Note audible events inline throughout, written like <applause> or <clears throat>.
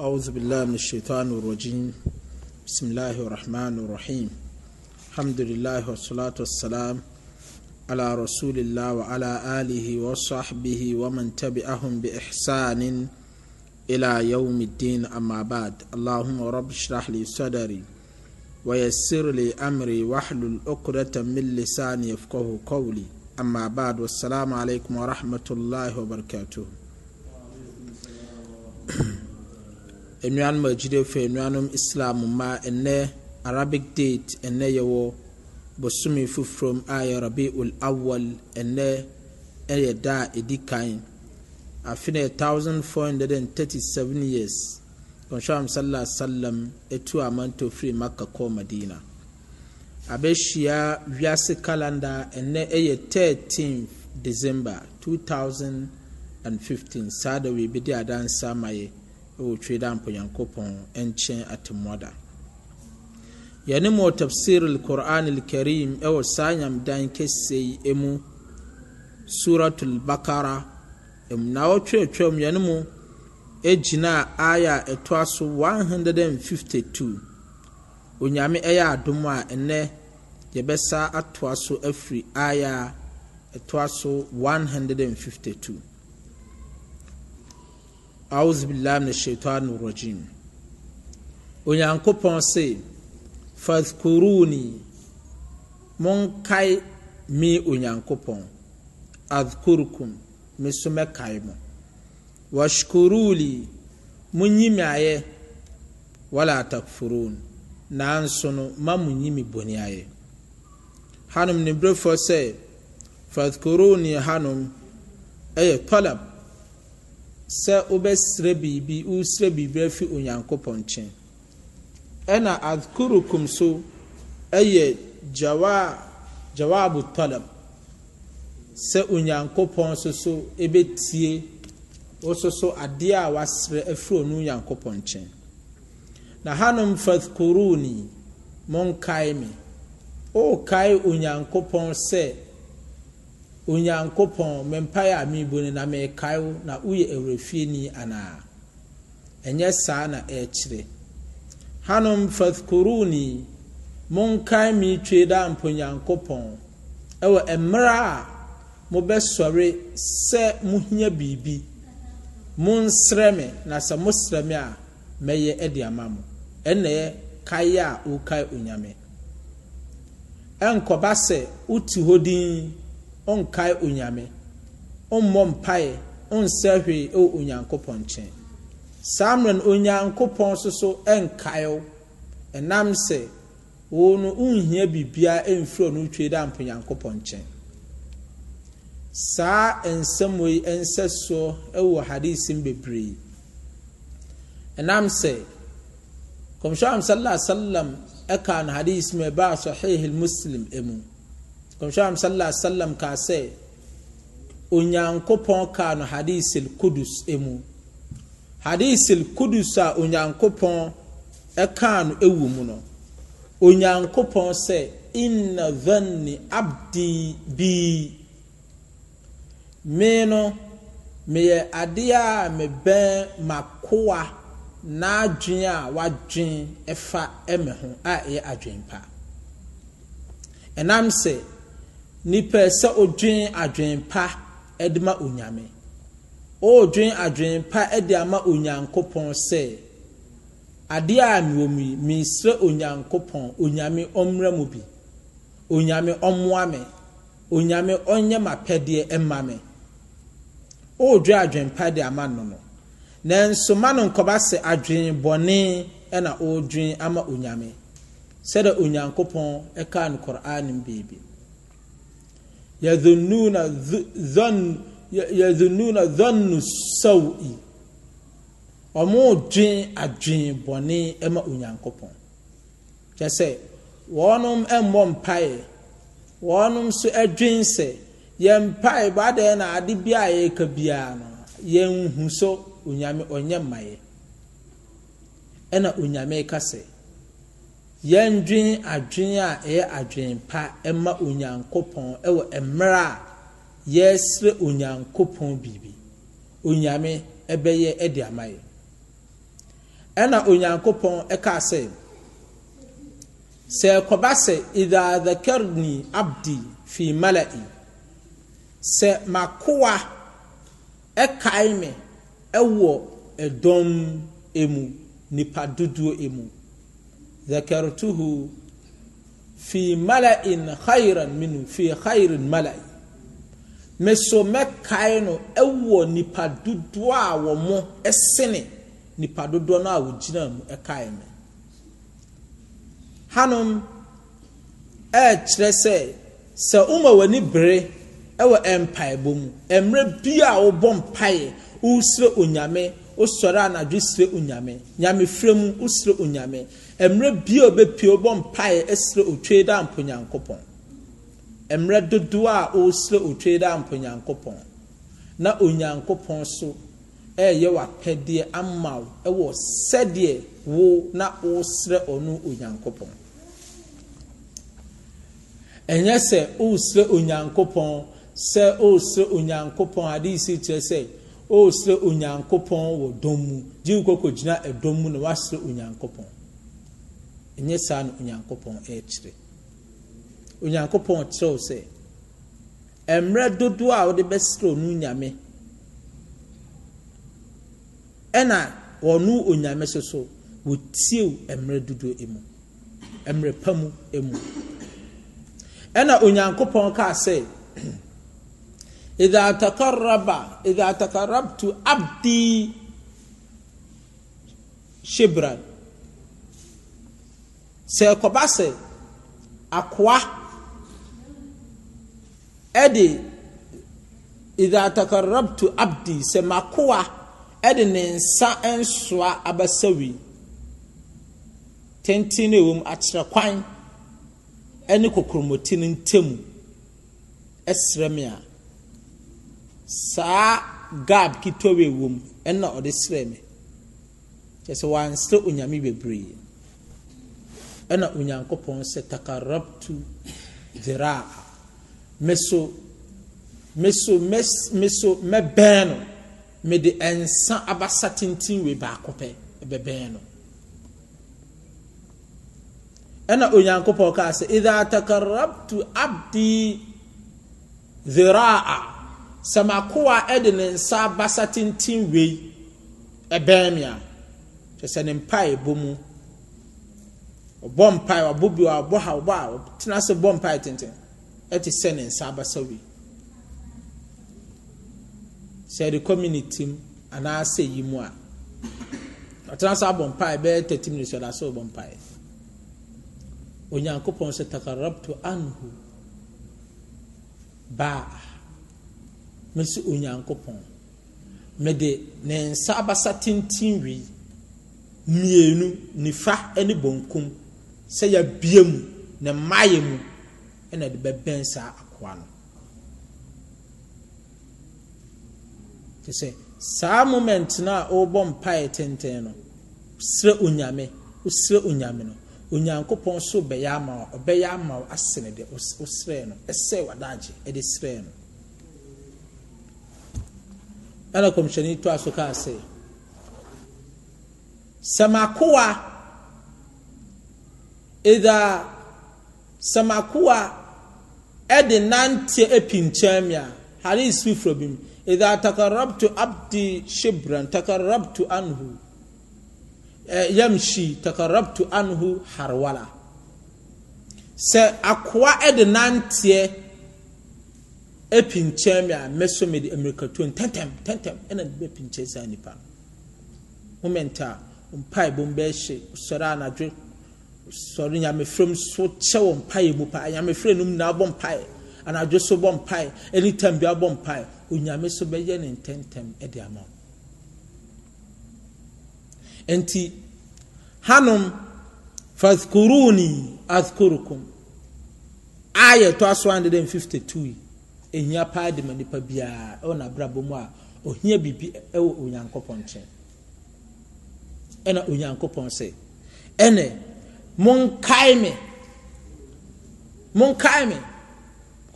أعوذ بالله من الشيطان الرجيم بسم الله الرحمن الرحيم الحمد لله والصلاة والسلام على رسول الله وعلى آله وصحبه ومن تبعهم بإحسان إلى يوم الدين أما بعد اللهم رب اشرح لي صدري ويسر لي أمري واحلل عقدة من لساني يفقه قولي أما بعد والسلام عليكم ورحمة الله وبركاته nnuanom agyidefo nnuanom islam mma ɛnɛ arabic date ɛnɛ yɛwɔ bosome foforom a yɛ rabiul awal ɛnɛ ɛyɛ da a ɛdi kan afe no 1437 years kɔnhwɛam sala Sallam etu amanto firi maka kɔɔ madina abɛhyia wiase calendar ɛnɛ ɛyɛ 13 december 2015 saa da wei bɛdi adansa ma yɛ wɔtwe da mpo nyankopɔn nkyɛn atemmuada yɛne mu tafsir alquran alkarim ɛwɔ saa nyamdan kɛsei emu suratul bakara emu na wɔtwerɛtwerɛm yɛne mu e gyina aya e e a ɛtoa so 152 onyame ɛyɛ adom a ɛnɛ yɛbɛsa atoa so afiri aya a ɛtoa so 152 auzubillah min shaitan rajim onyankopɔn se fadhkuruni monkae mi onyankopɔn adhkurkum me so mɛkae mo washkuruli monyi me ayɛ wala takfurun nanso no ma monyi me bɔne ayɛ hanom ne berɛfoɔ sɛ fadhkuruni hanom ɛyɛ talab sɛ wobɛsrɛ biribi wosrɛ biribi afi onyankopɔn nkyɛn ɛna adkurukum so ɛyɛ jawa jawabu talab sɛ onyankopɔn so so ɛbɛtie woso adeɛ a wasrɛ afiri ɔno onyankopɔn nkyɛn na hanom fadkuruni monkae me wokae onyankopɔn sɛ onyankopɔn mempae a mebu no na mekae wo na woyɛ awerɛfieni anaa ɛnyɛ saa na ɛkyerɛ hanom fathkuruni monkae me twe da mponyankopɔn ɛwɔ mmerɛ a mobɛsɔre sɛ mohia biribi monsrɛ me na sɛ mosrɛ me a mɛyɛ adi ama mo ɛnɛɛ kae a wokae onyame ɛnkɔba sɛ wote hɔ din ɔnkae onyame ɔmmɔ mpae ɔnsɛ hwee ɛwɔ onyankopɔn nkyɛn saa mmerɛ no onyankopɔn so so ɛnkae wo ɛnam sɛ wo no wonhia biribiaa ɛmfiri ɔno wotwe dɛ ampa onyankopɔn nkyɛn saa nsɛm yi nsɛ soɔ ɛwɔ hadisim bebree ɛnam sɛ kɔmhyɛ am sallallahu alaihi wasallam ɛka no hadisim ɛbaa sahih muslim ɛmu kɔmhyɛm sallallahu alaihi wasallam kaa sɛ onyankopɔn kaa no hadisil kudus emu hadisil kudus a onyankopɔn ɛkaa no ewu mu no onyankopɔn sɛ inna dhanni abdi bii mee no meyɛ adeɛ a mebɛn makoa n'adwene a wadwene ɛfa ɛmɛ ho a ɛyɛ adwene pa ɛnam sɛ. nipa sɛ odwen adwen pa de ma onyame ɔredwen adwen pa de ama onyankopɔn sɛ adeɛ a mewɔ mu yi mesrɛ onyankopɔn onyame ɔmmra mu bi onyame ɔmmoa me onyame ɔnyɛ m'apɛdeɛ mma me ɔredwen adwen pa de ama no no nanso ma no nkɔba sɛ adwen bɔne na ɔredwen ama onyame sɛdeɛ onyankopɔn ka no kɔrɔ a no beebi. yadhunnuna dhann yadhunnuna dhannu sawi ɔmodwen adwen bɔne ma onyankopɔn kyɛ sɛ wɔnom mmɔ mpaeɛ wɔnom nso sɛ yɛn mpae na ade bi a yɛreka biara no yɛn hu so onyame ɔnyɛ ɛna onyame ka sɛ yɛndwene adwene a ɛyɛ adwene pa ma onyankopɔn wɔ mmerɛ a yɛresrɛ onyankopɔn biribi onyame bɛyɛ de ama yɛ ɛna onyankopɔn ɛka sɛ sɛ ɛkɔba sɛ idha dhakarni abdi fi mala'i sɛ makoa ɛkae me ɛwɔ ɛdɔm emu nipa duduo emu ذكرته في ملأ خيرا منه في خير ملأ mesomɛkae no ɛwɔ nipa dodoɔ a wɔn mo ɛsene nipa dodoɔ no a wɔgyina mu ɛkae no hanom ɛɛkyerɛ sɛ sɛ woma w'ani bere ɛwɔ ɛmpaebɔ mu bi a wɔbɔ mpaeɛ srɛ onyame mmerɛ bia obɛpie wobɔ mpae ɛsrɛ otwei da mponyankopɔn mmerɛ dodoɔ a ɔresrɛ otwei da mponyankopɔn na onyankopɔn so ɛɛyɛ w'apɛdeɛ ama wo ɛwɔ sɛdeɛ wo na ɔresrɛ ɔno onyankopɔn ɛnyɛ sɛ ɔresrɛ onyankopɔn sɛ ɔresrɛ onyankopɔn ade si kyerɛ sɛ ɔresrɛ onyankopɔn wɔ dɔm mu gye gyina ɛdɔm mu na wasrɛ onyankopɔn ɛnyɛ saa no onyankopɔn ɛrekyerɛ onyankopɔn kyerɛw sɛ mmerɛ dodoɔ a wɔde bɛsrɛ ɔno nyame ɛna ɔno onyame so so wɔtiew mmerɛ dodoɔ mu mmerɛ pa mu mu ɛna onyankopɔn kaa sɛ <clears throat> idha takarraba idha takarrabtu abdi shibran sɛ ɛkɔba sɛ akoa ɛde idha takarabtu abdi sɛ makoa ɛde ne nsa nsoa abasawi tenten no ɛwɔ mu akyerɛ kwan ɛne kokoromoti no ntam ɛsrɛ me a saa gab ketewa ɛwɔ mu ɛna ɔde srɛ me kyɛ sɛ wansrɛ onyame bebree ɛna onyankopɔn sɛ takarabtu diraa meso meso meso mɛbɛn no mede nsa abasa tenten wei baako pɛ ɛbɛbɛn no ɛna onyankopɔn kaa sɛ idha takarabtu abdi diraa sɛ makoa ɛde ne nsa abasa tenten wei ɛbɛn me kyɛ sɛ ne mpaebɔ mu ɔbɔ mpae ɔbɔ bi ɔbɔ ha ɔbɔ a ɔtena ase bɔ mpae tenten ɛte sɛ ne nsa abasa wi sɛ ɛde community mu anaasɛ yi mu a ɔtena se abɔ mpae bɛyɛ thirty minutes ɔda ase ɔbɔ mpae onyankopɔn sɛ takarabto anhu baa mesi onyankopɔn mede ne nsa abasa tenten wi mmienu nifa ne benkum sɛ yɛbie mu ne mmaayɛ mu ɛna de bɛbɛn saa akoa no te sɛ saa moment no a ɔrebɔ mpaeɛ tenten no srɛ onyame wosrɛ onyame no onyankopɔn so bɛyɛ ama wo ɔbɛyɛ ama wo asene deɛ wosrɛ no ɛsɛ wadagye ɛde srɛ no ɛna kɔmhyɛne to a so kaa sɛ sɛ makoa ɛda samakoa ɛde nanteɛ epi nkyɛn mi a hadis fifura bi mu ɛda takarabtu abdi shibran takarabtu anhu ɛɛ eh, yamshi takarabtu anhu harwala sɛ akoa ɛde nanteɛ epi nkyɛn mi a mɛso mi de mmirikatuo ntɛntɛm ntɛntɛm ɛna de bɛ nkyɛn saa nipa momenta mpaebom bɛɛ hyɛ sɔrɔ anadwo sɔre nyamefrɛ mu so kyɛ wɔ mpaeɛ mu paa nyamefrɛ no mu na abɔ mpaeɛ anadwo so bɔ mpaeɛ anytime bi abɔ mpaeɛ onyame so bɛyɛ ne ntɛmtɛm de ama wo nti hanom fadhkuruni adhkurukum ayɛ tɔ aso 152 yi ɛhia paa de ma nnipa biara ɛwɔ n'abrabɔ mu a ohia biribi ɛwɔ onyankopɔn nkyɛn ɛna onyankopɔn sɛ ɛnɛ monkae me monkae me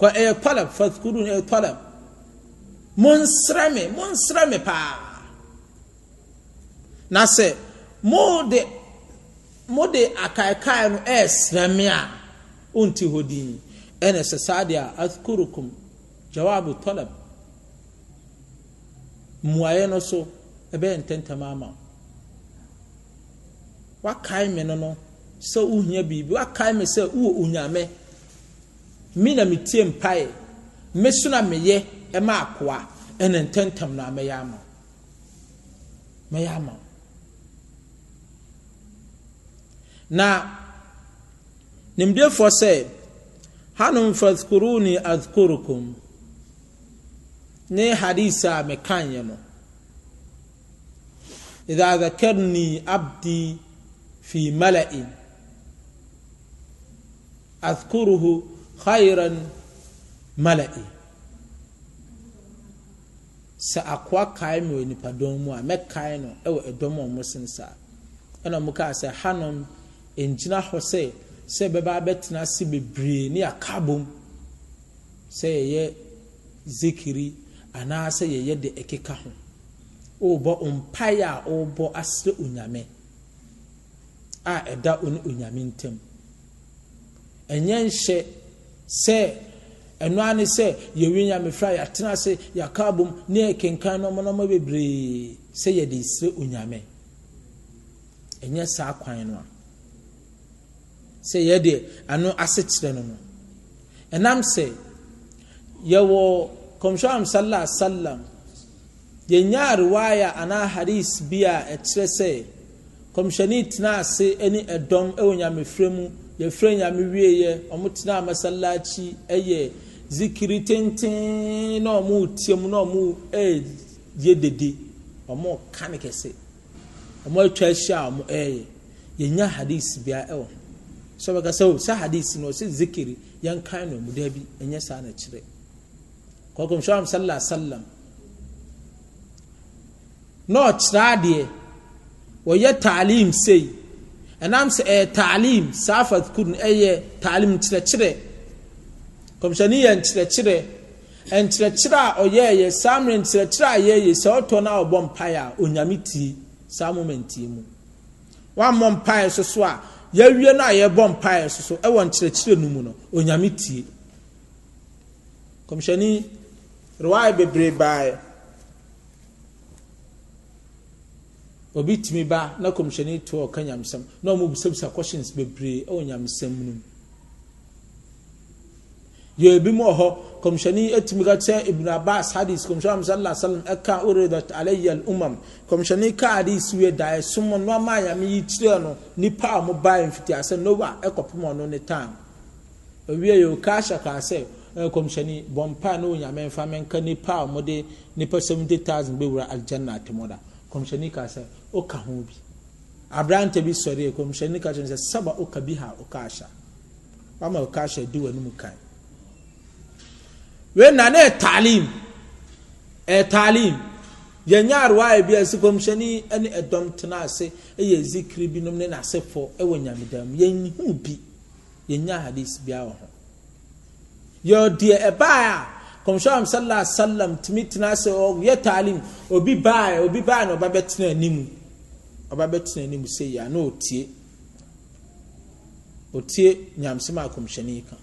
kɔ ɛyɛ eh, tɔlab fathkuru ɛyɛ eh, tɔlab monsrɛ me monsrɛ me paa na sɛ mode mode akaekae no ɛɛsrɛ eh, me a ɔnti hɔ din ɛna sɛ saa deɛ a athkurukum jawabu tɔlab mmuaeɛ no so ɛbɛyɛ ntɛntɛm ama wakae me no no sɛ wohia biribi woakae me sɛ wowɔ onyame me na metie mpae me so na meyɛ ɛma akoa ɛna ntɛntɛm no a mɛyɛ ama mɛyɛ ama na nimdefoɔ sɛ hanom fadhkuruni adhkurukum ne hadis a mekaeɛ no idha dhakarni abdi fi mala'in azkuruhu khairan mala'i sɛ akoa kae me wɔ nipadɔm mu a mɛkae no wɔ ɛdɔm a wɔn sen saa ɛna wɔn kaa sɛ hanom ngyina hɔ sɛ sɛ bɛba abɛtena ase bebree ne akabom sɛ yɛyɛ zikiri anaasɛ yɛyɛ de ɛkeka ho wɔrebɔ mpaeɛ a wɔrebɔ asrɛ onyame a ɛda ɔne onyame ntam ɛnyɛ nhyɛ sɛ ɛno ara ne sɛ yɛwi nyamefra yɛatena ase yɛaka abom ne yɛkenkan nɔmɔnɔmɔ bebree sɛ yɛde srɛ onyame ɛnyɛ saa kwan no a sɛ yɛde ano ase kyerɛ no no ɛnam sɛ yɛwɔ kɔmhyɛn sallallahu alaihi yɛnya riwaya anaa hadis bi a ɛkyerɛ sɛ kɔmhyɛni tena ase ne ɛdɔm wɔ nyamefra mu yɛfrɛ nyame wieɛ ɔmo tena amasalakyi ɛyɛ zikiri tenten na ɔmo tiam na ɔmo ɛyɛ dede ɔmo ka ne kɛse ɔmo atwa ahyia a ɔmo ɛyɛ yɛnya hadis bia ɛwɔ ho sɛ ɔbɛka sɛ oh, sɛ hadis no ɔsɛ zikiri yɛnkan no mu daabi ɛnyɛ saa na kyerɛ kɔkɔm sɛ sallallahu alaihi wasallam na ɔkyerɛ adeɛ wɔyɛ taalim sei ɛnam sɛ ɛyɛ taalim saa fadkur eh, no ɛyɛ taalim nkyerɛkyerɛ kɔmhyɛni yɛ nkyerɛkyerɛ nkyerɛkyerɛ a ɔyɛɛyɛ saa mmerɛ nkyerɛkyerɛ a yɛɛyɛ sɛ ɔtɔ no a ɔbɔ mpaeɛ a onyame tie saa momantie mu wammɔ mpaeɛ so so a yɛawie no a yɛbɔ mpaeɛ so so ɛwɔ nkyerɛkyerɛ no mu no onyame tie kɔmhyɛni rewaaɛ bebree baeɛ obi tumi ba na kɔmhyɛni to ɔka nyamsɛm na ɔmo busabisa questions bebree ɛwɔ nyamsɛm no mu yɛ ebi mu ɔhɔ kɔmhyɛni etumi ka kyɛ ibn abbas hadis kɔmhyɛni sallallahu alaihi wa sallam ɛka uridat alayhi umam kɔmhyɛni ka hadis wie da ɛsom no ama ayame yi kyerɛ no nipa a ɔmo ba mfiti asɛ nowa ɛkɔpem ɔno ne tan owie yɛ oka ahyɛ kaa sɛ kɔmhyɛni bɔmpa na onyame mɛnka nipa a ɔmo de nipa seventy thousand bɛwura aljanna atemɔda kɔmhyɛni kaa sɛ ɔka ho bi aberante bi sɔre yɛ kɔmhyɛni kaa kyerɛ sɛ saba ɔka bi ha ɔka ahyɛ wama ɔka ahyɛ di wɔn anim kan wei na ne ɛtaalim ɛtaalim yɛnyɛ arewa bi a ɛsi kɔmhyɛni ne ɛdɔm tena ase ɛyɛ zikiri binom ne n'asefo ɛwɔ nyamedam yɛn hu bi yɛnyɛ ahadis bi awɔ ho yɛ ɔdeɛ ɛbaa a kɔmhyɛ sallah sallam salam tumi tena ase ɔyɛ taalim obi baa obi baa na ɔba bɛtena anim ɔba bɛtena anim sɛ yia na otie otie nyamsɛm a kɔmhyɛni ka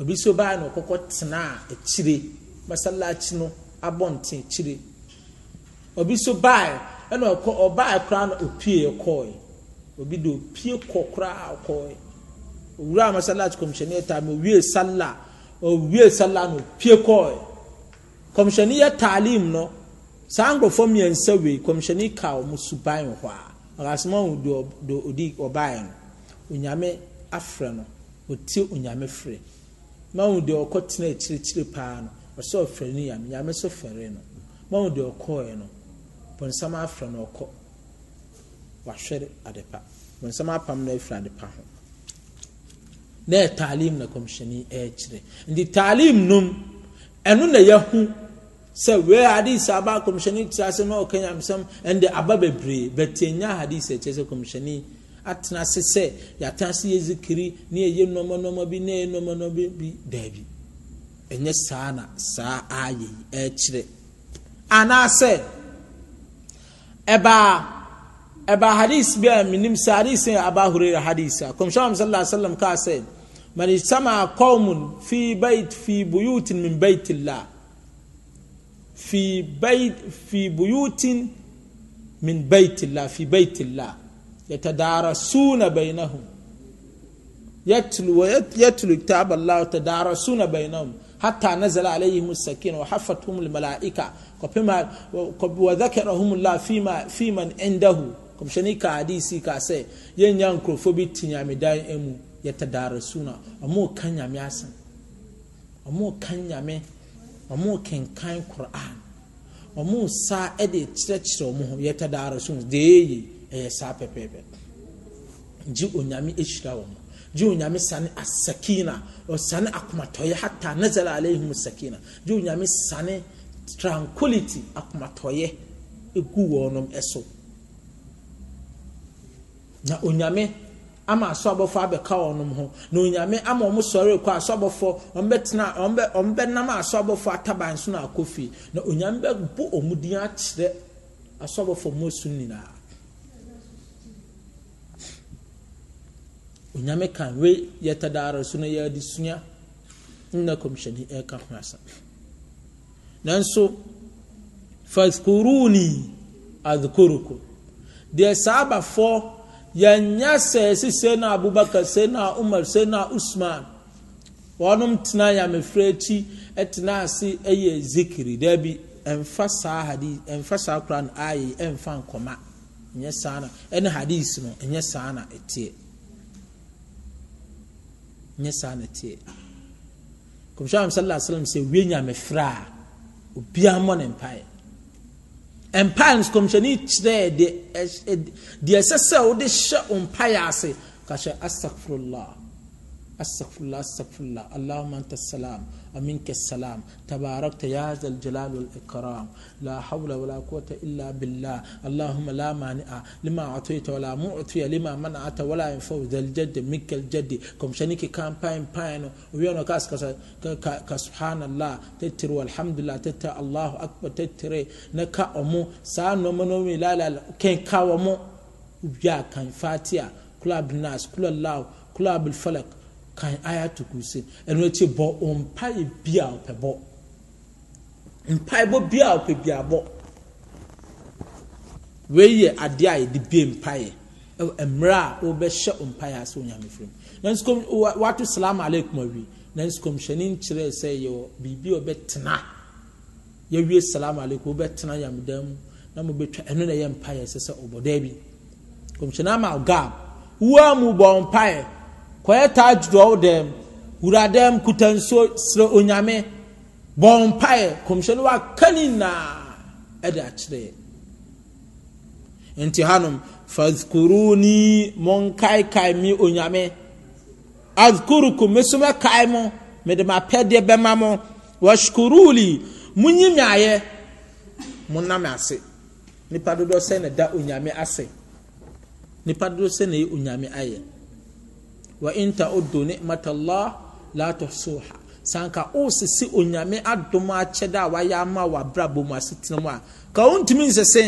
obi so baa na ɔkɔkɔ tena akyire masalakyi no abɔnten akyire obi so baa ɛna ɔkɔ ɔbaa koraa na opie kɔɔe obi de opie kɔ koraa kɔɔe owura masalakyi kɔmhyɛni ɛtaa ma owie sala owie sala no pie kɔɔɛ kɔmhyɛni yɛ taalim no saa nkurɔfoɔ mmiɛnsa wei kɔmhyɛni ka wɔn suban wɔ hɔ a ɔkasoma wɔn deɛ ɔdi ɔbaeɛ no onyame afrɛ no ɔtie onyame frɛ ma wɔn deɛ ɔkɔ tena akyirikyiri paa no ɔsɛ ɔfrɛ ne yam nyame so fɛre no ma wɔn deɛ ɔkɔɔɛ no bɔnsam afrɛ no ɔkɔ wahwɛ adepa bɔnsam apam no afiri adepa ho na yɛ taalim na kɔmhyɛni ɛrekyerɛ nti taalim nom ɛno na yɛho sɛ wei hadis aba kɔmhyɛni kyerɛ asɛm a ɔka nyamsɛm ɛnde aba bebree bɛtɛ nya hadis ɛkyerɛ sɛ kɔmhyɛni atena ase sɛ yɛatena ase yɛ zikiri ne yɛyɛ nɔɔma nɔɔma bi ne yɛ nɔɔma nɔɔma bi daabi ɛnyɛ saa na saa ayɛ yi ɛrekyerɛ anaasɛ ɛbaa. أبا حديث بيا من نمس حديث أبا هريرة حديث كم شام صلى الله عليه وسلم قال سيد من اجتمع قوم في بيت في بيوت من بيت الله في بيت في بيوت من بيت الله في بيت الله يتدارسون بينهم يتلو يتلو كتاب الله يتدارسون بينهم حتى نزل عليهم السكينة وحفتهم الملائكة وذكرهم الله فيما في عنده kɔmhyɛni ka adiisi ka sɛ yɛnya nkurɔfoɔ bi te nyamedan mu yɛtadaresuna ɔmo ka nyame asɛm ɔmo ka nyame ɔmo kenkan koran ɔmo saa de kyerɛkyerɛ ɔmo ho yɛtadaresuna deɛ ɛyɛ ɛyɛ saa pɛpɛɛpɛ gye onyame ahyira wɔn gye onyame sane asakina ɔsane akomatɔyɛ hata nazala alayhim sakina gye onyame sane tranquility akomatɔyɛ egu wɔn so. na onyame ama asɔ abɔfo abɛka wɔn ho na onyame ama wɔn sɔre kɔ asɔ abɔfo wɔn bɛtena wɔn bɛ wɔn bɛnam asɔ ataban so na akɔ fie na onyame bɛbu wɔn din akyerɛ asɔ abɔfo wɔn so nyinaa onyame kan wei yɛ tadaare so na yɛ adi sua nna kɔmhyɛni ɛka ho asa nanso fasukuruni adukuruku deɛ saa abafoɔ. yɛnyɛ sɛ sise na abubakar se na umar se na usman wɔn tena yamefra akyi e tena ase yɛ zikiri dɛbi mfa saa hadis mfa saa koraa no ayɛ mfa nkɔma nyɛ saa na ɛne hadis no nyɛ saa na ɛteɛ nyɛ saa na ɛteɛ kɔmhyɛn amusalaam sɛ wie nyamefra obiara mmɔ ne mpaeɛ mpae nkɔmhyɛni kyerɛɛ eh, deɛ ɛsɛ sɛ wode hyɛ wo mpaeɛ ase ka hyɛ astagfirullah astagfirullah astagfirullah allahumma anta salam منك السلام تباركت يا ذا الجلال والإكرام لا حول ولا قوة إلا بالله اللهم لا مانع لما أعطيت ولا معطي لما منعت ولا ينفع ذا الجد منك الجد كم شنيك كان باين باين ويانا كاس كاس سبحان الله تتر والحمد لله تتر الله أكبر تتر نكا أمو سانو منو لا لا كين كاومو ويا كان فاتيا كلاب الناس كل الله كلاب الفلك kan ayato kurusi ɛno akyi bɔ mpae bi a ɔpɛ bɔ mpaebɔ bi a ɔpɛ bi abɔ wei yɛ adeɛ a yɛde bie mpae mmerɛ a wɔbɛhyɛ mpae ase onyame firim nanso kom wato salam aleikum awi nanso komhyɛni nkyerɛ sɛ yɛwɔ biribi a ɔbɛtena yɛwie salam aleikum wɔbɛtena yamedan mu na mo mobɛtwa ɛno na ɛyɛ mpae ɛsɛ sɛ ɔbɔ daa bi komhyɛni ama gab wua mu bɔ mpae kɔyɛ taa dwodwo dɛm wura dɛm kuta nsuo srɛ onyame bɔ mpaeɛ kɔmhyɛ no waka ne ɛde akyerɛ nti hanom fazkuruni, monkaekae me onyame adhkurukum meso mɛkae mo mede mapɛdeɛ bɛma mo washkuruli monyi me ayɛ monam ase nipa dodoɔ sɛ na da onyame ase nipa dodoɔ sɛ na yɛ onyame ayɛ wa in ta'uddu ni'matallah la tuhsuha sanka osisi onyame adom akyɛde a wayɛ ama w'abrabɔ mu asetena mu a ka wontumi nsese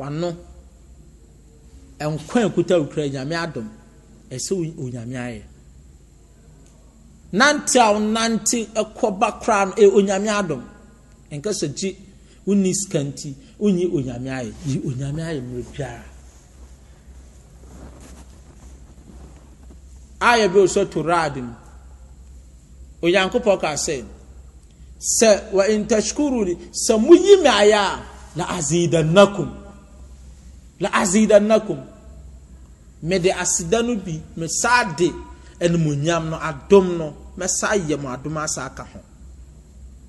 wano nkwa ekuta okura nyame adom ɛsɛ onyame ayɛ nante a nante ɛkɔba koraa no ɛ e, onyame adom nkasa gye wonni sikanti wonyi onyame ayɛ yi onyame ayɛ mmerɛ biara ayɛ bi osɔ torad mu onyankopɔn ka sɛ sɛ wa intashkuru ni sɛ muyi me ayɛ a la azidannakum la azidannakum mede aseda no bi mesaa de animonyam no adom no mɛsaa yɛ mo adom asa aka ho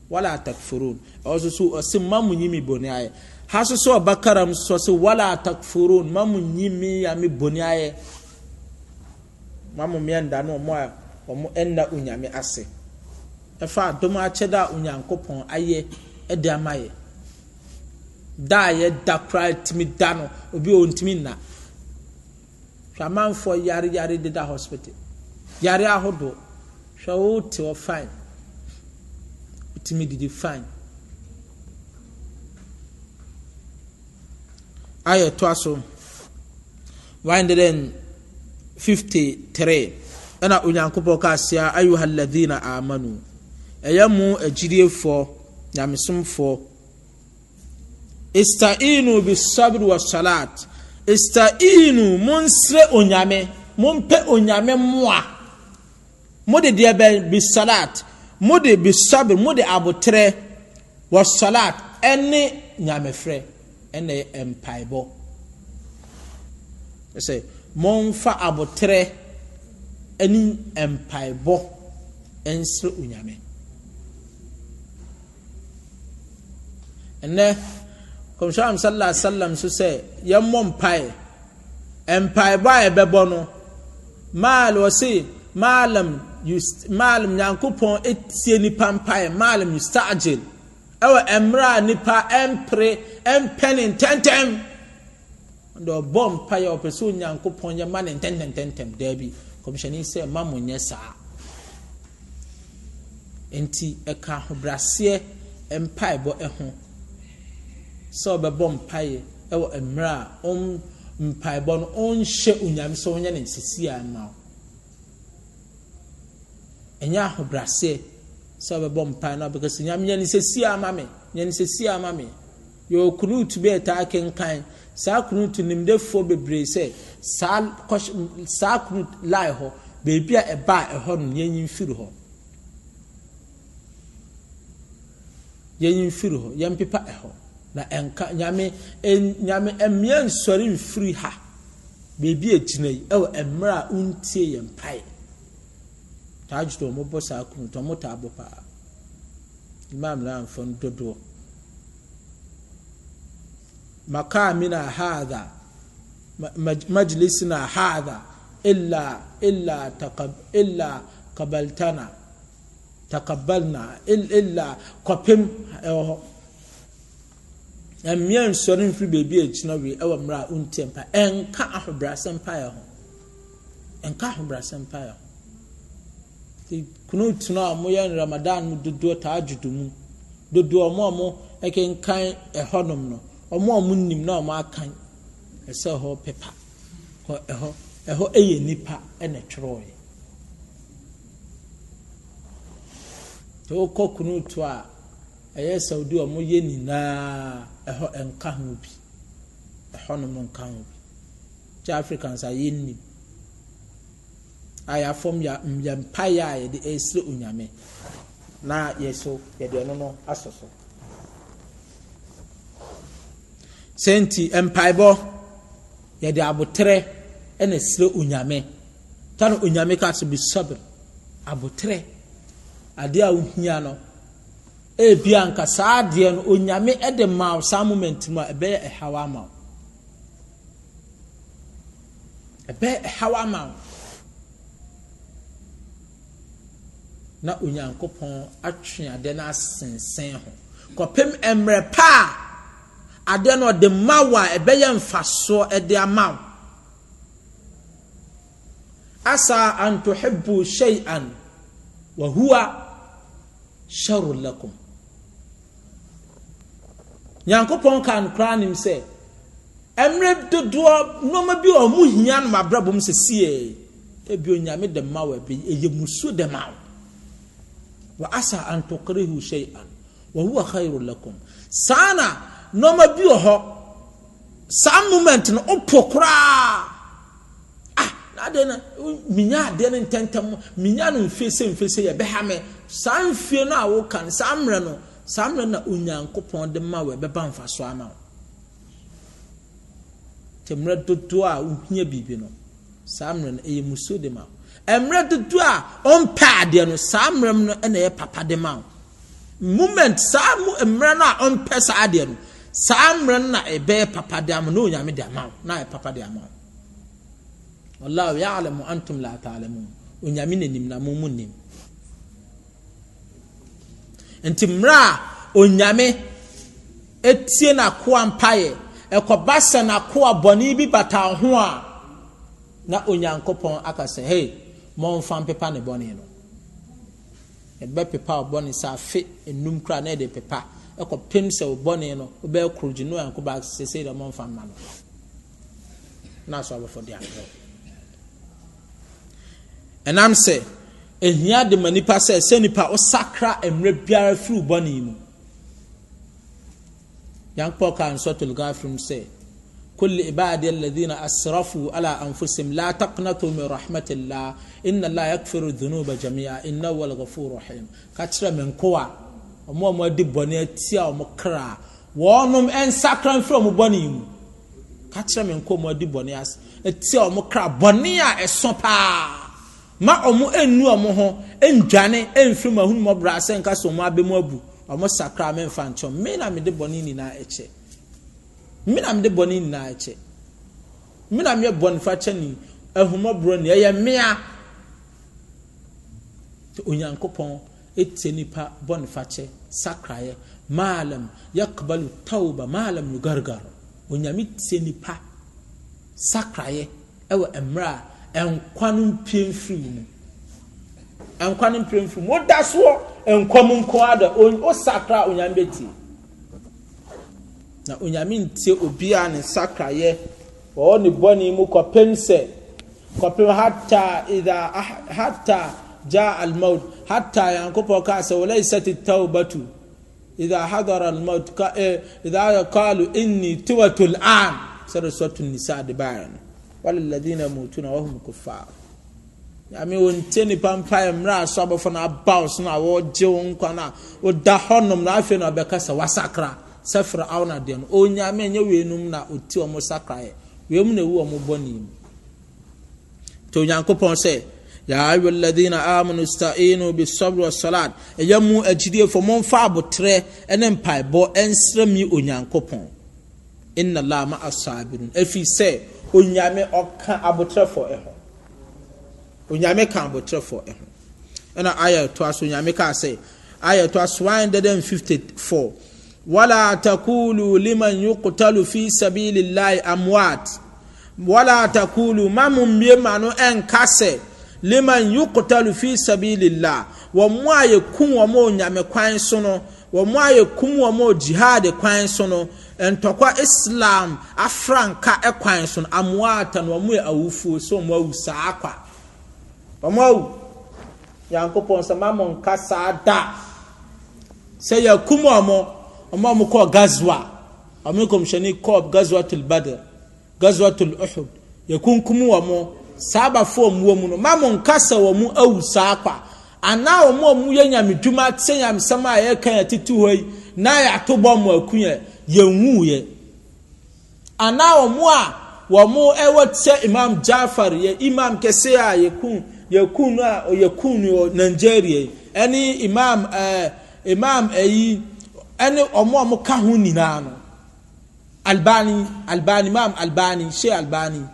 wala takfurun ɛwɔ so so ɔse ma mo nyi me bɔne ayɛ ha so ɔbakara m so wala takfurun ma mo nyi me a me bɔne ayɛ moamommeɛnda ne ɔmo a ɔmo ɛnna onyame ase ɛfa adom akyɛda a onyankopɔn ayɛ ɛde ama yɛ da a yɛda koraa tumi da no obi a ɔntumi nna hwɛ yare yare deda hospital yare ahodoɔ hwɛ wote hɔ fine wotumi didi fine ayɛ toa so 100 53 ɛna onyankopɔn ka aseɛ ayuha alladhina amanu ɛyɛ mu agyiriefoɔ nyamesomfoɔ istainu bisabri wasalat istainu monsrɛ onyame mompɛ onyame mmoa mode deɛ bɛn bisalat mode bisabri mode abotrɛ wasalat ɛne nyamefrɛ ɛna ɛmpaebɔ ɛsɛ momfa abotrɛ ne mpaebɔ nsere onyame ɛnɛ kɔmhyɛ am sala salam so sɛ yɛmmɔ mpae mpaebɔ a yɛbɛbɔ no maal wɔ se maalam maalam nyankopɔn etie nipa mpae maalam yustagil ɛwɔ mmerɛ a nipa ɛmpere ɛmpɛ ne ntɛntɛm de ɔbɔ mpa yɛ ɔpɛ sɛ onyankopɔn yɛ ma ne ntɛmtɛmtɛmtɛm daabi kɔmhyɛni sɛ ma mo nyɛ saa nti ɛka ahobraseɛ mpaebɔ ho sɛ ɔbɛbɔ mpaeɛ ɛwɔ mmerɛ a ɔn mpaebɔ no ɔnhyɛ onyame sɛ ɔnyɛ ne nsisi a ma o ɛnyɛ ahobraseɛ sɛ ɔbɛbɔ mpaeɛ no ɔbɛka sɛ nyame nyɛ ne nsisi a ma me nyɛ ne nsisi a ma me yɛ okuru tu bi ɛtaa kenkan. saa knut nimdefoɔ bebree sɛ saa knut lai hɔ beebi a ɛbaa ɛhɔ no yɛnyimfiri hɔ yɛnyimfiri hɔ yɛmpepa ɛhɔ na ɛnka nyame nyame ɛmmea nsɔre nfiri ha beebi a gyina yi ɛwɔ mmerɛ a wontie yɛn mpae taa gyina wɔn bɔ saa knut wɔn taa bɔ paa mmaa mmerɛ amfa dodoɔ. makamina hadha majlisina hadha illa illa takab illa kabaltana takabbalna illa kɔpem ɛwɔ eh, hɔ eh, mmea nsɔre mfiri beebi a gyina wei ɛwɔ eh, mmerɛ a wontie mpa ɛnka ahobrɛasɛ mpaeɛ ho ɛnka ahobrɛasɛ mpaeɛ ho kunu tunu a wɔyɛ ramadan mu dodoɔ taa dwodo mu dodoɔ mu a wɔkenkan ɛhɔnom no ɔmo a ɔmo nim na ɔmo akan ɛsɛ ɛhɔ pepa ɛhɔ ɛhɔ ɛyɛ nipa ɛna twerɛɛ te wokɔ kunu to a ɛyɛ saudi ɔmo yɛ nyinaa ɛhɔ ɛnka ho bi ɛhɔnom nka ho bi kyɛ africans a yɛnnim a yɛafɔm yɛmpaeɛ a yɛde ɛresere onyame na yɛ so yɛde ɔno no asɔ so sɛ nti mpaebɔ yɛde abotrɛ ɛna srɛ onyame ta onyame ka so bisabr abotrɛ ade a wohia no ebi anka adeɛ no onyame ɛde ma saa moment mu a ɛbɛyɛ ɛhaw ama wo ɛbɛyɛ ɛhaw ama wo na onyankopɔn atwe ade no asensɛn ho kɔpem mmerɛ paa adeɛ no ɔde ma wo a ɛbɛyɛ mfasoɔ ɛde ama wo asa antohibu shay'an wa huwa sharrun lakum nyankopɔn kan koraa nim sɛ mmerɛ dodoɔ nneɛma bi a ɔmo hia no mabrabɔ mu sɛsie ebi onyame dɛm ma wɔ ɛbɛyi ɛyɛ musuo dɛm ma wɔ wa asa antokirihu shay'an wa huwa khayrun lakum saa na nneɛma bi wɔ hɔ saa moment no wopo koraa ah n'adeɛ no minya adeɛ no ntɛntɛm minya no mfe sɛ mfe sɛ yɛbɛha me saa mfe no a woka no saa mmerɛ no saa mmerɛ na onyankopɔn de ma wɔ ɛbɛba mfa so ama wo te mmerɛ dodoɔ a wohia biribi no saa mmerɛ no ɛyɛ musuo de ma wo mmerɛ dodoɔ a ɔmpɛ adeɛ no saa mmerɛ no ɛna ɛyɛ papa de ma wo moment saa mmerɛ no a ɔmpɛ saa adeɛ no saa mmerɛ no na ɛbɛyɛ papa de ama na onyame de ama na ayɛ papa de ama wo wallahu ya'lamu antum la ta'lamun onyame n'anim na mo mu nim nti mmerɛ a onyame etie na n'akoa mpaeɛ ɛkɔba sɛ n'akoa bɔne bi bata ho a na onyankopɔn aka sɛ hey mɔmfa mpepa ne bɔne no pepa ɔbɔne sɛ afe enum kora na ɛde pepa. ɛkɔ pem sɛ o bɔne no o bɛ kuru gyi no ɛnko baako sese deɛ ɔmo nfa mma no na asɔ abɔfo de agorɔ ɛnam sɛ ehia de ma nipa sɛ sɛ nipa ɔsakra mmerɛ biara firi bɔne mu yankpɔ kaa nsɔtol gafirim sɛ كل عبادي الذين أسرفوا على أنفسهم لا تقنطوا من رحمة الله إن الله يغفر الذنوب جميعا إنه هو الغفور الرحيم كتر من قوة wɔn a wɔde bɔne atia wɔn kra wɔn nsakra mfiri wɔn bɔne mu kakyɛ mi nkɔn wɔn de bɔne ase atia wɔn kra bɔne a ɛso paa ma wɔn enu wɔn ho ndwane mfiri wɔn ahunu wɔn bra ase nkasa wɔn abɛm abu wɔn sakra mɛmfa nkyɛn mme na mede bɔne nyinaa ɛkyɛ mme na mede bɔne nyinaa ɛkyɛ mme na meyɛ bɔne fa kyɛ ne ahumɔborɔ ne ɛyɛ mmea onyankopɔn. Ete nipa bɔnefakyɛ sakraeɛ maalam yakbalu tauba maalam lugargar onyame tie nipa sakraeɛ ɛwɔ mmerɛ a nkwa no mpie mfiri mu nkwa no mpie mfiri mu woda soɔ nkwa mu nko ada o sakra onyame bɛtie na onyame ntie obiara ne sakraeɛ wɔwɔ ne bɔne mu kɔpem sɛ kɔpem hata idha ah, hata جاء الموت حتى ينكب كأسه وليست التوبة إذا حضر الموت إذا قالوا إني توبت الآن سورة النساء دبان وللذين يموتون وهم كفار nyame wɔntie nipa mpae mmerɛ a so abɔfo no abaw so no a wɔgye wo nkwa no a woda hɔnom na afei na ɔbɛka sɛ wasakra sɛ frɛ adeɛ no onyame nyɛ weinum na ɔti ɔmo sakraeɛ wei mu na ɛwu ɔmo bɔne mu nti onyankopɔn sɛ ya ayo ladina amanu ista'inu bisabr wasalat ɛyɛ mu agyidiefoɔ momfa abotrɛ ne mpaebɔ ɛnsrɛ mi onyankopɔn inna la ma asabirun ɛfiri sɛ onyame ɔka abotrɛfoɔ ɛho onyame ka abotrɛfoɔ ɛho ɛna ayɛ ɛtoa so onyame kaa sɛ ayɛ ɛtoa so 154 wala takulu liman yuqtalu fi sabilillahi amwat wala takulu ma mummie ma liman yuqtalu fi sabilillah wɔn a yɛkum wɔn a onyame kwan so no wɔn a yɛkum wɔn a jihad kwan so no ntɔkwa islam afranka e kwan so no amoata no wɔn yɛ e awufuo so wɔn awu saa kwa wɔn awu yankopɔn sɛ mamɔ nka saa da sɛ yɛkum wɔn wɔn a wɔkɔ gazwa wɔn kɔmhyɛni kɔɔ gazwa tul badr gazwa tul uhud yɛkunkum wɔn saa abafo wɔn wɔ mu no ma mo nkasa wɔn awu saa kwa anaa wɔn a wɔn yɛ nyamedwuma te nyamesɛm a yɛreka yɛ tete hɔ yi na yɛato bɔ mo aku yɛ yɛnwu yɛ anaa wɔn a wɔn ɛwɔ sɛ imam jafar yɛ imam kɛse a yɛkun yɛkun no a yɛkun no wɔ nigeria yi ɛne imam ɛɛ imam ɛyi ɛne wɔn a wɔka ho nyinaa no albani albani imam albani sheikh albani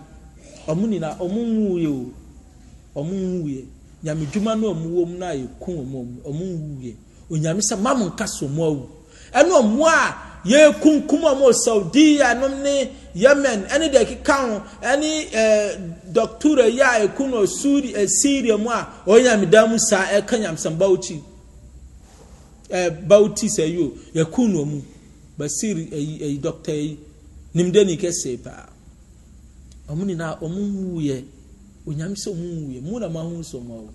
ɔmo nyinaa ɔmo nwuiɛ o ɔmo nwuiɛ nyame dwuma no ɔmo wɔ mu no a yɛku ɔmo ɔmo ɔmo nwuiɛ onyame sɛ mamu nka so ɔmo awu ɛna ɔmo a yɛkunkum ɔmo saudiya nom ne yemen ɛne deɛ ɛkeka ho ɛne ɛɛ eh, dɔktura yi a ɛku no suri ɛsiria eh, mu a ɔnyame dan mu saa ɛka nyamsɛn bauti ɛɛ bauti sɛ yi o yɛku no ɔmo basiri ɛyi ɛyi dɔkta yi nimdeni kɛseɛ paa ɔmo nyinaa ɔmo nwuiɛ onyame sɛ ɔmo nwuiɛ mu na mo ahu nsɔmɔ o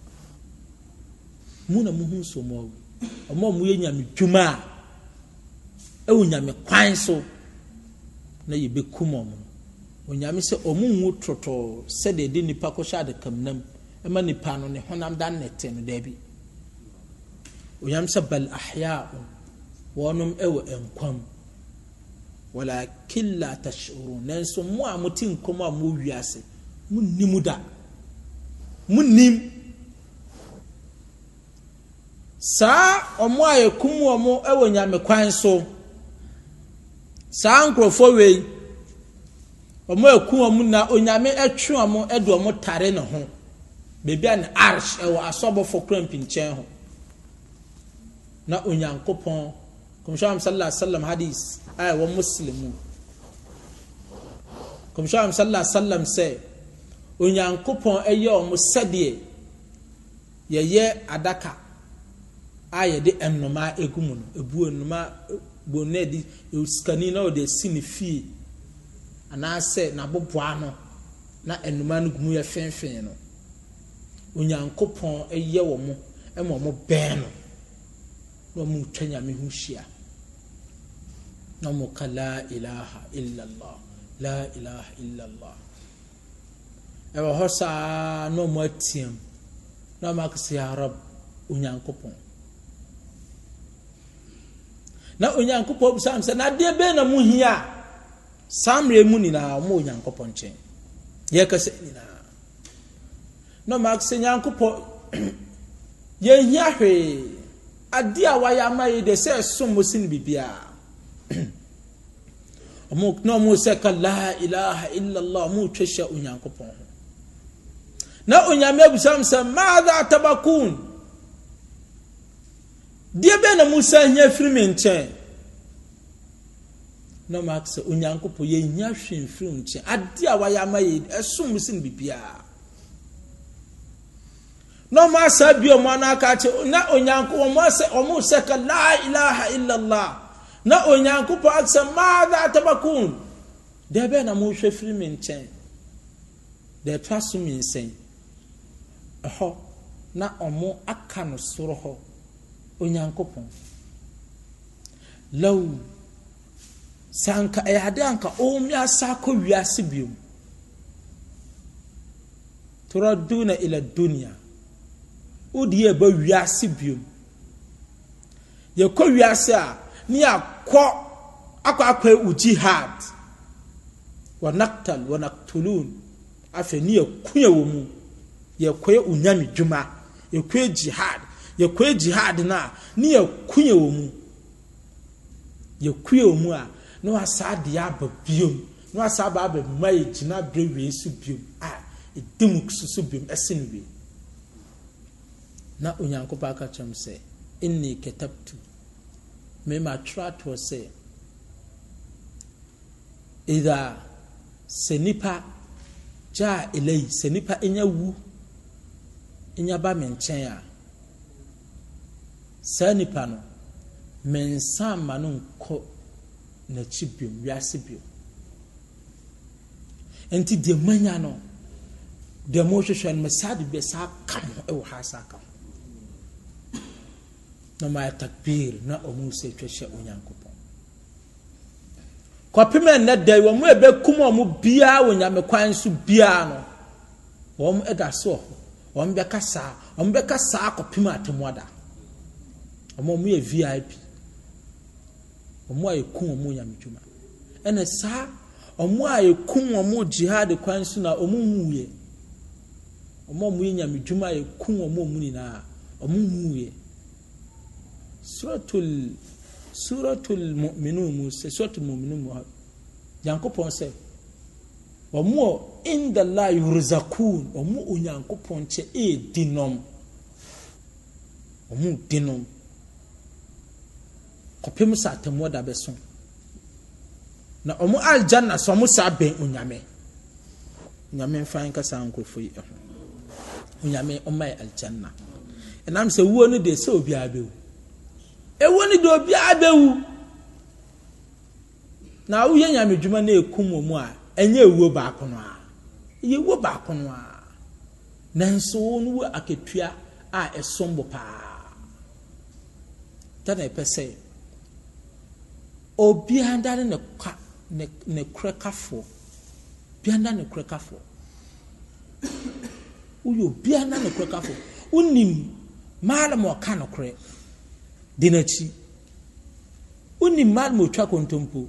mu na mo hu nsɔmɔ o ɔmo a ɔmo yɛ nyame dwuma a e ɛwɔ nyame kwan so na yɛ bɛ kum ɔmo onyame sɛ ɔmo nwu tɔtɔɔ sɛdeɛ de nipa kɔhyɛ adakamnam ɛma e nipa no ne honam da nnɛte no daabi onyame sɛ bal ahyaa wɔnom ɛwɔ e nkwam walakin la tashuru nanso mo a mote nkɔm a mo wiase mo nnim da mo nnim saa ɔmo a ekum ɔmo ɛwɔ nyame kwan so saa nkurɔfoɔ wei ɔmo ekum ɔmo na onyame ɛtwe ɔmo ɛde ɔmo tare ne ho beebi a na arch ɛwɔ asɔbɔfo kura mpinkyɛn ho na onyankopɔn. kòmṣáàm sallá sallam hadis ayé wọn mùsùlùmù kòmṣáàm sallá sallam sẹ onyankopɔn ɛyɛ wɔn sɛdeɛ yɛyɛ adaka a yɛde nnoma egu mu no ebu nnoma bu na yɛde sikani na ɔde esi ne fie anaasɛ n'aboboa no na nnoma no gu mu yɛ fɛnfɛn no onyankopɔn ɛyɛ wɔn ɛma wɔn bɛn no na wɔn retwa nyame ho hyia wọn mú ká la ilaha illallah la ilaha illallah ɛwɔ hɔ saa na wɔn atia mu na wɔn akasi arab onyankopɔn na onyankopɔn bisa mu sɛ n'adeɛ bɛyɛ na mu hia saa mmerɛ mu nyinaa wɔn onyankopɔn nkyɛn yɛkasa nyinaa na akasi nyankopɔn yɛn hia hwee adeɛ a wayɛ ama yi de sɛ ɛsom mo si no bibiara na ɔmo sɛ ka la ilaha illallah ɔmo twɛ hyɛ onyankopɔn ho na onyame abusam sɛ maada tabakun deɛ bɛ na mo sa hia firi me nkyɛn na ɔmo aka sɛ onyankopɔn yɛhia hwee mfiri wo nkyɛn adeɛ a wayɛ ama yɛ ɛsom mo sin bibiara na ɔmo asa bi ɔmo ano akyɛ na onyankopɔn ɔmo sɛ ɔmo sɛ ka la ilaha illallah na onyankopɔn akisɛ maada atabakun deɛ na mohwɛ firi mi nkyɛn deɛ ɛtoa so mi ɛhɔ na ɔmo aka no soro hɔ onyankopɔn law sanka ɛyɛ ade anka ɔmo asa akɔ wiase biom toraduna ila dunia wodi yɛ ba wiase biom yɛkɔ wiase a. neakɔ akɔakɔe wo jihad wanaktal wanaktulun afei ne yɛkua wɔ mu yɛkɔe onyame dwuma yɛkɔe jihad yɛkɔe jihad no a ne yɛkua wɔ mu yɛkua wɔ mu a na wasaa deɛ aba biom na wasaa ba aba mma yɛgyina berɛ wei so biom a ɛdi mu soso biom ɛse no wei na onyankopɔn aka kyerɛm sɛ inni katabtu me matwerɛ atoɔ sɛ idha sɛ nipa gyaa elei sɛ nipa nya wu nya ba me nkyɛn a saa nipa no me nsa ama no nkɔ n'akyi biom wiase biom nti deɛ manya no deɛ mohwehwɛ no me saa de bia saa ka mo wɔ ha saa ka ho takbir na ɔmu sɛ na onyankopɔn kɔpem ɛnnɛ da yi wɔ mo ɛbɛkum ɔ mo biara wɔ nyame kwan so biara no wɔn ɛda so wɔ hɔ wɔn bɛka saa wɔn bɛka saa kɔpem vip ọmụ a nyame saa a kwan so na nwuiɛ nyame dwuma nyinaa nwuiɛ. suratul suratul mu'minun mu sɛ suratul mu'minun mu nyankopɔn sɛ wɔn wɔ indala yoruzakun wɔn onyankopɔn nkyɛ edi nom wɔn di nom kɔpem sɛ atemmuo da bɛso na omu aljanna sɛ wɔn saa ben onyame onyame nfa nkasa nkurɔfoɔ yi ho onyame ɔmma yɛ aljanna ɛnam sɛ wuo no deɛ sɛ obiara bɛwu. ewu ni dị obi na woyɛ nyamedwuma no na-ekum a enye ewuo baako no a ewuo baako a nanso wɔn wɔ a ɛsom bɔ paa taa na epe obiara obiara obiara ma ọ ka di n'akyi wonim maalem otwa kontompo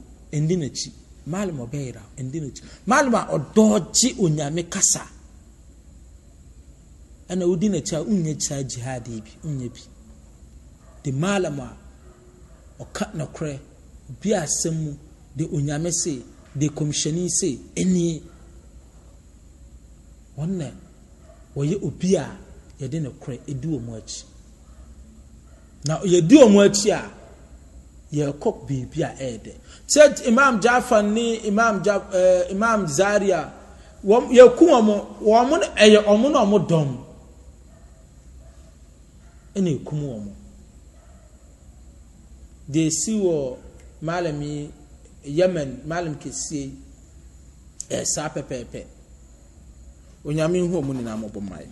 ndi n'akyi maalem ɔbɛyera ndi n'akyi maalem a ɔdɔɔgye onyame kasa ɛna wodi n'akyi a wonyɛ saa jihadi bi wonyɛ bi de maalem a ɔka n'korɛ obi asɛm mu de onyame se de kɔmhyɛni se ɛnie wɔn na wɔyɛ obi a yɛde n'korɛ edi wɔn akyi na yɛdi wɔn akyi a yɛrekɔ biribi a ɛyɛ dɛ imam jafar ne imam ja ɛɛ eh, imam zaria wɔn yɛku wɔn wɔn ɛyɛ wɔn na wɔn dɔm ɛna ekum wɔn deɛ esi wɔ malami yemen malam kɛseɛ ɛɛsa eh, pɛpɛɛpɛ onyame hu wɔn nyinaa wɔn bɔ mmaa